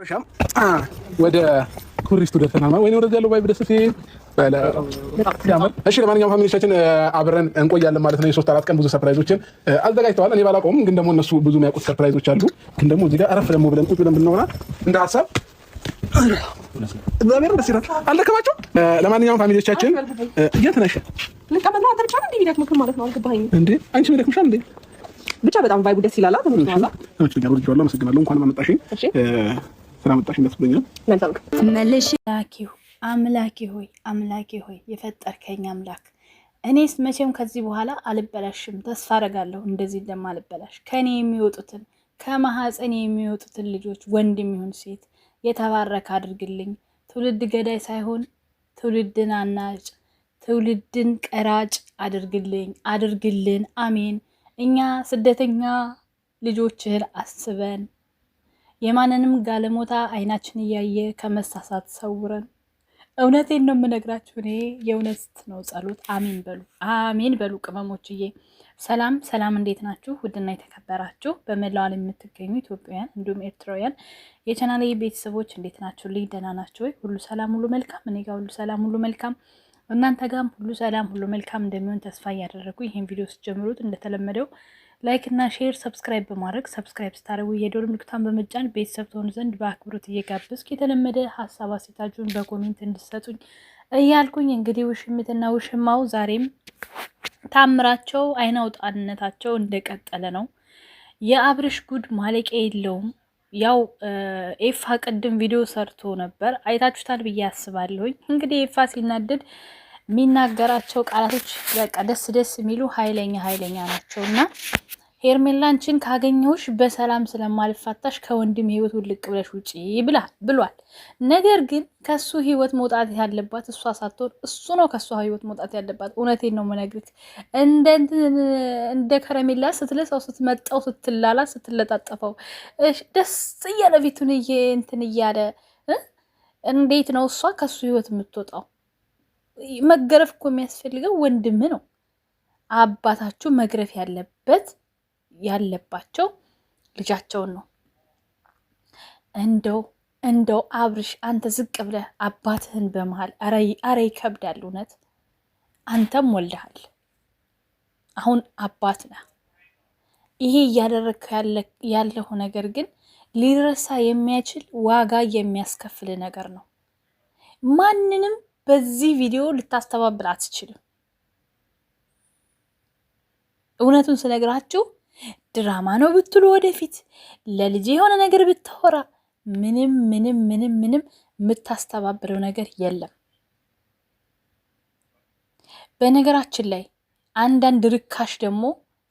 ረሻም ወደ ቱሪስቱ ደርሰናል። ወይ ወደዚ ያለው ባይብ ደስ ሲል እሺ። ለማንኛውም ፋሚሊዎቻችን አብረን እንቆያለን ማለት ነው። የሶስት አራት ቀን ብዙ ሰርፕራይዞችን አዘጋጅተዋል። እኔ ባላቆም ግን ደግሞ እነሱ ብዙ የሚያውቁት ሰርፕራይዞች አሉ። ግን ደግሞ እዚህ ጋር አረፍ ደግሞ ብለን ቁጭ ብለን ብናወራ እንደ ሀሳብ እግዚአብሔር ደስ ይላል። አልደከማቸውም። ለማንኛውም ፋሚሊዎቻችን የት ነሽ? ነው። እንዴ ማለት አልገባኝ አንቺ ይደክምሻል እንዴ? ብቻ በጣም ቫይቡ ደስ ይላል። አመሰግናለሁ። እንኳን እሺ ስላመጣሽ ደስ ብሎኛል። መልሽ አምላኪ አምላኪ ሆይ አምላኪ ሆይ የፈጠርከኝ አምላክ እኔስ መቼም ከዚህ በኋላ አልበላሽም። ተስፋ አረጋለሁ እንደዚህ አልበላሽ። ከእኔ የሚወጡትን ከማሐፀን የሚወጡትን ልጆች ወንድ የሚሆን ሴት የተባረከ አድርግልኝ። ትውልድ ገዳይ ሳይሆን ትውልድን አናጭ ትውልድን ቀራጭ አድርግልኝ አድርግልን። አሜን። እኛ ስደተኛ ልጆችህን አስበን የማንንም ጋለሞታ አይናችን እያየ ከመሳሳት ሰውረን። እውነቴን ነው የምነግራችሁ። እኔ የእውነት ነው ጸሎት። አሜን በሉ፣ አሜን በሉ ቅመሞችዬ። ሰላም ሰላም፣ እንዴት ናችሁ? ውድና የተከበራችሁ በመላው ዓለም የምትገኙ ኢትዮጵያውያን እንዲሁም ኤርትራውያን የቻናሌ ቤተሰቦች እንዴት ናችሁ? ልይ ደህና ናቸው ወይ? ሁሉ ሰላም፣ ሁሉ መልካም። እኔ ጋር ሁሉ ሰላም፣ ሁሉ መልካም እናንተ ጋርም ሁሉ ሰላም ሁሉ መልካም እንደሚሆን ተስፋ እያደረጉ ይህን ቪዲዮ ስጀምሩት እንደተለመደው ላይክ እና ሼር ሰብስክራይብ በማድረግ ሰብስክራይብ ስታደርጉ የደወል ምልክቷን በመጫን ቤተሰብ ትሆኑ ዘንድ በአክብሮት እየጋበዝኩ የተለመደ ሀሳብ አሴታችሁን በኮሜንት እንድሰጡኝ እያልኩኝ እንግዲህ ውሽሚትና ውሽማው ዛሬም ታምራቸው አይናውጣነታቸው እንደቀጠለ ነው። የአብርሽ ጉድ ማለቂያ የለውም። ያው ኤፋ ቅድም ቪዲዮ ሰርቶ ነበር አይታችሁታል ብዬ አስባለሁኝ። እንግዲህ ኤፋ ሲናደድ የሚናገራቸው ቃላቶች በቃ ደስ ደስ የሚሉ ኃይለኛ ኃይለኛ ናቸው እና ሄርሜላንችን ካገኘሁሽ በሰላም ስለማልፋታሽ ከወንድም ህይወት ውልቅ ብለሽ ውጪ ብሏል። ነገር ግን ከሱ ህይወት መውጣት ያለባት እሷ ሳትሆን እሱ ነው ከእሷ ህይወት መውጣት ያለባት። እውነቴን ነው የምነግርህ። እንደ ከረሜላ ስትለሳው፣ ስትመጣው ስትላላ ስትለጣጠፈው ደስ እያለ እንትን እያለ እንዴት ነው እሷ ከሱ ህይወት የምትወጣው? መገረፍ እኮ የሚያስፈልገው ወንድም ነው። አባታችሁ መግረፍ ያለበት ያለባቸው ልጃቸውን ነው። እንደው እንደው አብርሽ አንተ ዝቅ ብለህ አባትህን በመሃል አረ ይከብዳል እውነት። አንተም ወልደሃል፣ አሁን አባት ነህ። ይሄ እያደረግከው ያለሁ ነገር ግን ሊረሳ የሚያችል ዋጋ የሚያስከፍል ነገር ነው። ማንንም በዚህ ቪዲዮ ልታስተባብል አትችልም። እውነቱን ስነግራችሁ ድራማ ነው ብትሉ ወደፊት ለልጅ የሆነ ነገር ብታወራ ምንም ምንም ምንም ምንም የምታስተባብረው ነገር የለም። በነገራችን ላይ አንዳንድ ርካሽ ደግሞ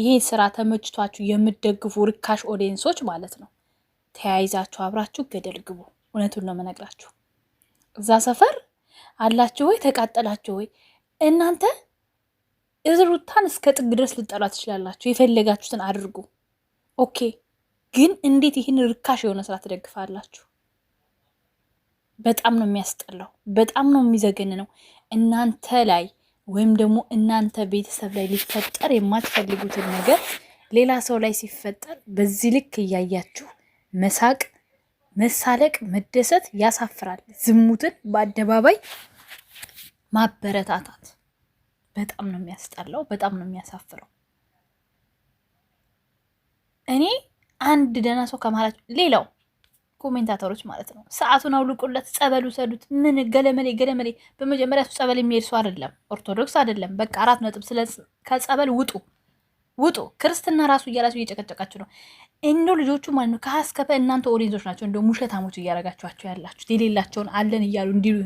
ይሄ ስራ ተመችቷችሁ የምደግፉ ርካሽ ኦዲየንሶች ማለት ነው። ተያይዛችሁ አብራችሁ ገደል ግቡ። እውነቱን ነው የምነግራችሁ እዛ ሰፈር አላችሁ ወይ? ተቃጠላችሁ ወይ? እናንተ እዝሩታን እስከ ጥግ ድረስ ልጠሏ ትችላላችሁ። የፈለጋችሁትን አድርጉ። ኦኬ፣ ግን እንዴት ይህን ርካሽ የሆነ ስራ ትደግፋላችሁ? በጣም ነው የሚያስጠላው። በጣም ነው የሚዘገን ነው። እናንተ ላይ ወይም ደግሞ እናንተ ቤተሰብ ላይ ሊፈጠር የማትፈልጉትን ነገር ሌላ ሰው ላይ ሲፈጠር በዚህ ልክ እያያችሁ መሳቅ መሳለቅ፣ መደሰት ያሳፍራል። ዝሙትን በአደባባይ ማበረታታት በጣም ነው የሚያስጠላው፣ በጣም ነው የሚያሳፍረው። እኔ አንድ ደህና ሰው ከማላቸው ሌላው ኮሜንታተሮች ማለት ነው ሰዓቱን አውልቁለት፣ ጸበል ውሰዱት፣ ምን ገለመሌ ገለመሌ። በመጀመሪያ እሱ ጸበል የሚሄድ ሰው አይደለም፣ ኦርቶዶክስ አይደለም። በቃ አራት ነጥብ። ከጸበል ውጡ። ውጡ። ክርስትና ራሱ እያላችሁ እየጨቀጨቃችሁ ነው። እንዶ ልጆቹ ማለት ነው ከሀስከፈ እናንተ ኦዲንሶች ናቸው። እንደ ሙሸታሞች እያረጋችኋቸው ያላችሁት የሌላቸውን አለን እያሉ እንዲሉ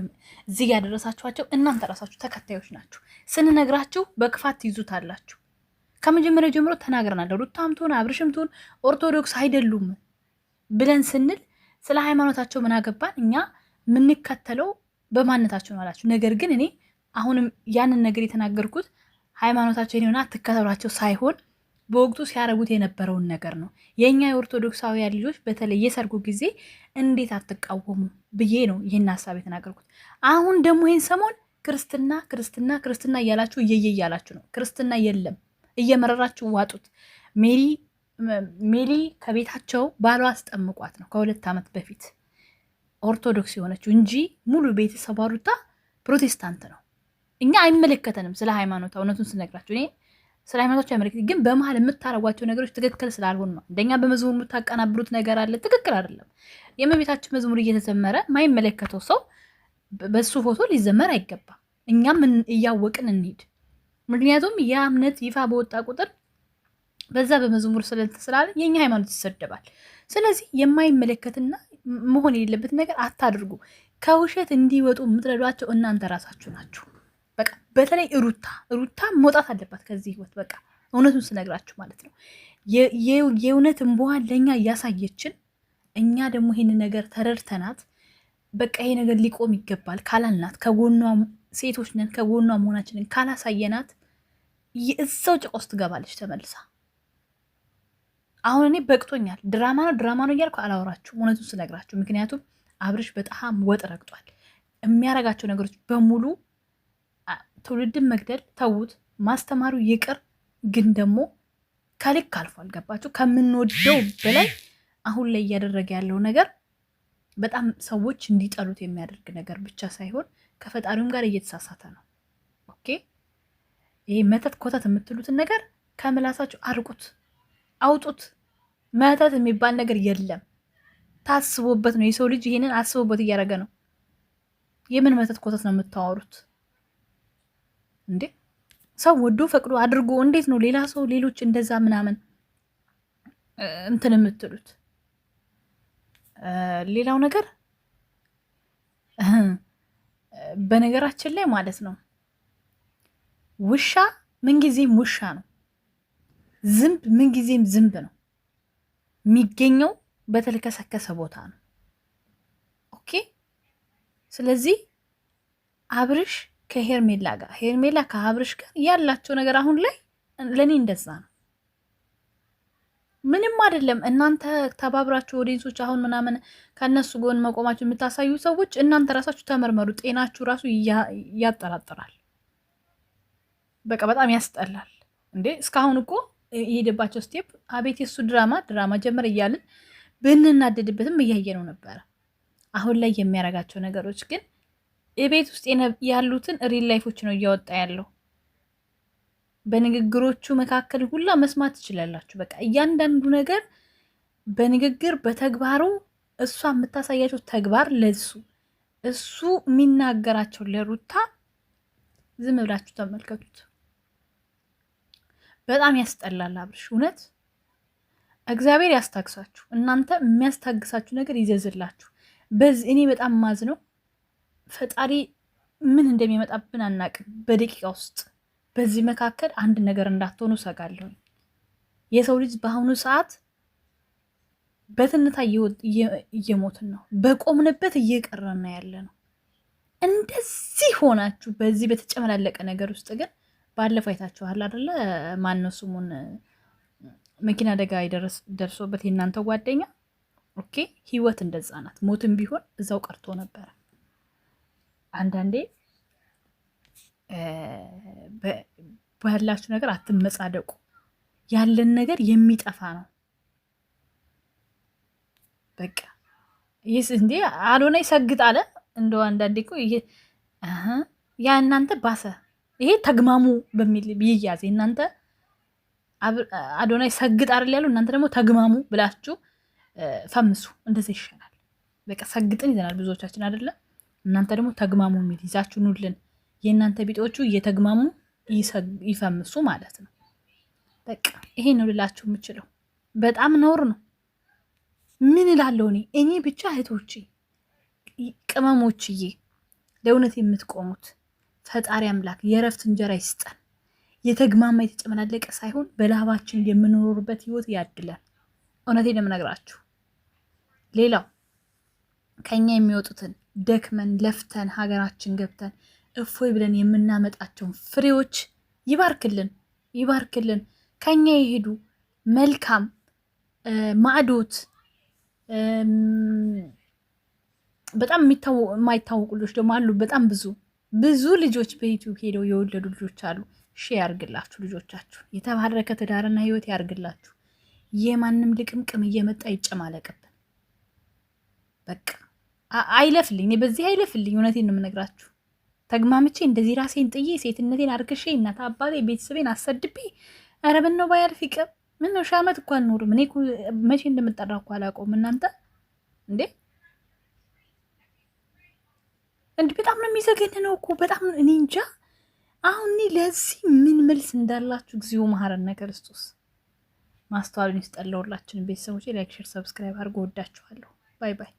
እዚህ ያደረሳችኋቸው እናንተ ራሳችሁ ተከታዮች ናችሁ። ስንነግራችሁ በክፋት አላችሁ። ከመጀመሪያ ጀምሮ ተናግረናል። ሩታም ትሆን አብርሽም ትሆን ኦርቶዶክስ አይደሉም ብለን ስንል ስለ ሃይማኖታቸው ምን አገባን እኛ የምንከተለው በማንነታቸው ነው አላችሁ። ነገር ግን እኔ አሁንም ያንን ነገር የተናገርኩት ሃይማኖታቸውን የሆነ አትከተሏቸው ሳይሆን በወቅቱ ሲያረጉት የነበረውን ነገር ነው። የእኛ የኦርቶዶክሳውያን ልጆች በተለይ የሰርጉ ጊዜ እንዴት አትቃወሙ ብዬ ነው ይህን ሀሳብ የተናገርኩት። አሁን ደግሞ ይህን ሰሞን ክርስትና ክርስትና ክርስትና እያላችሁ እየየ እያላችሁ ነው። ክርስትና የለም እየመረራችሁ ዋጡት። ሜሪ ሜሪ ከቤታቸው ባሏ አስጠምቋት ነው ከሁለት ዓመት በፊት ኦርቶዶክስ የሆነችው እንጂ ሙሉ ቤተሰቧ ሩታ ፕሮቴስታንት ነው። እኛ አይመለከተንም ስለ ሃይማኖት። እውነቱን ስነግራቸው እኔ ስለ ሃይማኖታችሁ አይመለከት፣ ግን በመሀል የምታረጓቸው ነገሮች ትክክል ስላልሆኑ ነው። እንደኛ በመዝሙር የምታቀናብሩት ነገር አለ፣ ትክክል አይደለም። የእመቤታችን መዝሙር እየተዘመረ ማይመለከተው ሰው በሱ ፎቶ ሊዘመር አይገባም። እኛም እያወቅን እንሂድ። ምክንያቱም ያ እምነት ይፋ በወጣ ቁጥር በዛ በመዝሙር ስለተስላለ የኛ ሃይማኖት ይሰደባል። ስለዚህ የማይመለከትና መሆን የሌለበት ነገር አታድርጉ። ከውሸት እንዲወጡ የምትረዷቸው እናንተ ራሳችሁ ናችሁ። በቃ በተለይ ሩታ ሩታ መውጣት አለባት ከዚህ ህይወት በቃ እውነቱን ስነግራችሁ ማለት ነው። የእውነት እንበኋን ለእኛ እያሳየችን እኛ ደግሞ ይህን ነገር ተረድተናት በቃ ይሄ ነገር ሊቆም ይገባል ካላልናት፣ ከጎኗ ሴቶች ነን ከጎኗ መሆናችንን ካላሳየናት እዛው ጭቃ ውስጥ ትገባለች ተመልሳ። አሁን እኔ በቅቶኛል። ድራማ ነው ድራማ ነው እያልኩ አላወራችሁ እውነቱን ስነግራችሁ፣ ምክንያቱም አብርሽ በጣም ወጥ ረግጧል። የሚያረጋቸው ነገሮች በሙሉ ትውልድን መግደል ተዉት፣ ማስተማሩ ይቅር። ግን ደግሞ ከልክ አልፎ አልገባችሁ ከምንወደው በላይ አሁን ላይ እያደረገ ያለው ነገር በጣም ሰዎች እንዲጠሉት የሚያደርግ ነገር ብቻ ሳይሆን ከፈጣሪውም ጋር እየተሳሳተ ነው። ኦኬ፣ ይሄ መተት ኮተት የምትሉትን ነገር ከምላሳችሁ አርቁት፣ አውጡት። መተት የሚባል ነገር የለም። ታስቦበት ነው። የሰው ልጅ ይሄንን አስቦበት እያደረገ ነው። የምን መተት ኮተት ነው የምታወሩት? እንዴ ሰው ወዶ ፈቅዶ አድርጎ እንዴት ነው ሌላ ሰው ሌሎች እንደዛ ምናምን እንትን የምትሉት? ሌላው ነገር በነገራችን ላይ ማለት ነው ውሻ ምንጊዜም ውሻ ነው። ዝንብ ምንጊዜም ዝንብ ነው። የሚገኘው በተለከሰከሰ ቦታ ነው። ኦኬ። ስለዚህ አብርሽ ከሄርሜላ ጋር ሄርሜላ ከሀብርሽ ጋር ያላቸው ነገር አሁን ላይ ለእኔ እንደዛ ነው። ምንም አይደለም። እናንተ ተባብራችሁ ኦዲንሶች አሁን ምናምን ከነሱ ጎን መቆማችሁ የምታሳዩ ሰዎች እናንተ ራሳችሁ ተመርመሩ። ጤናችሁ ራሱ ያጠራጥራል። በቃ በጣም ያስጠላል። እንዴ እስካሁን እኮ የሄደባቸው ስቴፕ አቤት የሱ ድራማ ድራማ ጀመር እያልን ብንናደድበትም እያየነው ነበረ። አሁን ላይ የሚያረጋቸው ነገሮች ግን የቤት ውስጥ ያሉትን ሪል ላይፎች ነው እያወጣ ያለው። በንግግሮቹ መካከል ሁላ መስማት ትችላላችሁ። በቃ እያንዳንዱ ነገር በንግግር በተግባሩ እሷ የምታሳያቸው ተግባር ለሱ እሱ የሚናገራቸው ለሩታ ዝም ብላችሁ ተመልከቱት። በጣም ያስጠላል አብርሽ፣ እውነት እግዚአብሔር ያስታግሳችሁ። እናንተ የሚያስታግሳችሁ ነገር ይዘዝላችሁ። በዚህ እኔ በጣም ማዝ ነው ፈጣሪ ምን እንደሚመጣብን አናቅም። በደቂቃ ውስጥ በዚህ መካከል አንድ ነገር እንዳትሆኑ እሰጋለሁ። የሰው ልጅ በአሁኑ ሰዓት በትንታ እየሞትን ነው። በቆምንበት እየቀረና ያለ ነው። እንደዚህ ሆናችሁ በዚህ በተጨመላለቀ ነገር ውስጥ ግን ባለፈው አይታችኋል አደለ? ማነው ስሙን መኪና አደጋ ደርሶበት የእናንተው ጓደኛ ኦኬ። ህይወት እንደዛ ናት። ሞትም ቢሆን እዛው ቀርቶ ነበረ። አንዳንዴ ባላችሁ ነገር አትመጻደቁ። ያለን ነገር የሚጠፋ ነው። በቃ ይህ እንዴ አልሆነ ይሰግጥ አለ እንደ አንዳንዴ እኮ ያ እናንተ ባሰ ይሄ ተግማሙ በሚል ይያዝ እናንተ አዶናይ ሰግጥ አይደል ያለው እናንተ ደግሞ ተግማሙ ብላችሁ ፈምሱ። እንደዚህ ይሻላል። በቃ ሰግጥን ይዘናል ብዙዎቻችን አይደለም። እናንተ ደግሞ ተግማሙ የሚል ይዛችሁ ኑልን። የእናንተ ቢጤዎቹ እየተግማሙ ይፈምሱ ማለት ነው። በቃ ይሄ ነው ልላችሁ የምችለው። በጣም ነውር ነው። ምን እላለሁ እኔ እኔ ብቻ እህቶቼ፣ ቅመሞችዬ ለእውነት የምትቆሙት ፈጣሪ አምላክ የእረፍት እንጀራ ይስጠን። የተግማማ የተጨመላለቀ ሳይሆን በላባችን የምንኖርበት ህይወት ያድለን። እውነቴን ነው የምነግራችሁ። ሌላው ከኛ የሚወጡትን ደክመን ለፍተን ሀገራችን ገብተን እፎይ ብለን የምናመጣቸውን ፍሬዎች ይባርክልን ይባርክልን። ከኛ የሄዱ መልካም ማዕዶት በጣም የማይታወቁ ልጆች ደግሞ አሉ። በጣም ብዙ ብዙ ልጆች በዩቲዩብ ሄደው የወለዱ ልጆች አሉ። ሺ ያርግላችሁ፣ ልጆቻችሁ የተባረከ ትዳርና ህይወት ያርግላችሁ። የማንም ልቅምቅም እየመጣ ይጨማለቅብን በቃ አይለፍልኝ፣ በዚህ አይለፍልኝ። እውነቴን ነው የምነግራችሁ። ተግማምቼ እንደዚህ ራሴን ጥዬ ሴትነቴን አርክሼ እናት አባቴ ቤተሰቤን አሰድቤ ኧረ ምን ነው ባያልፍ ይቅር። ምን ነው ሺህ ዓመት እኮ አልኖርም እኔ መቼ እንደምጠራ እኮ አላውቀውም። እናንተ እንዴ እንዲህ በጣም ነው የሚዘገን ነው እኮ በጣም እኔ እንጃ። አሁን ለዚህ ምን መልስ እንዳላችሁ እግዚኦ መሐረነ ክርስቶስ ማስተዋልን ይስጠን ለሁላችንም። ቤተሰቦቼ ላይክ፣ ሼር፣ ሰብስክራይብ አድርጎ ወዳችኋለሁ። ባይ ባይ።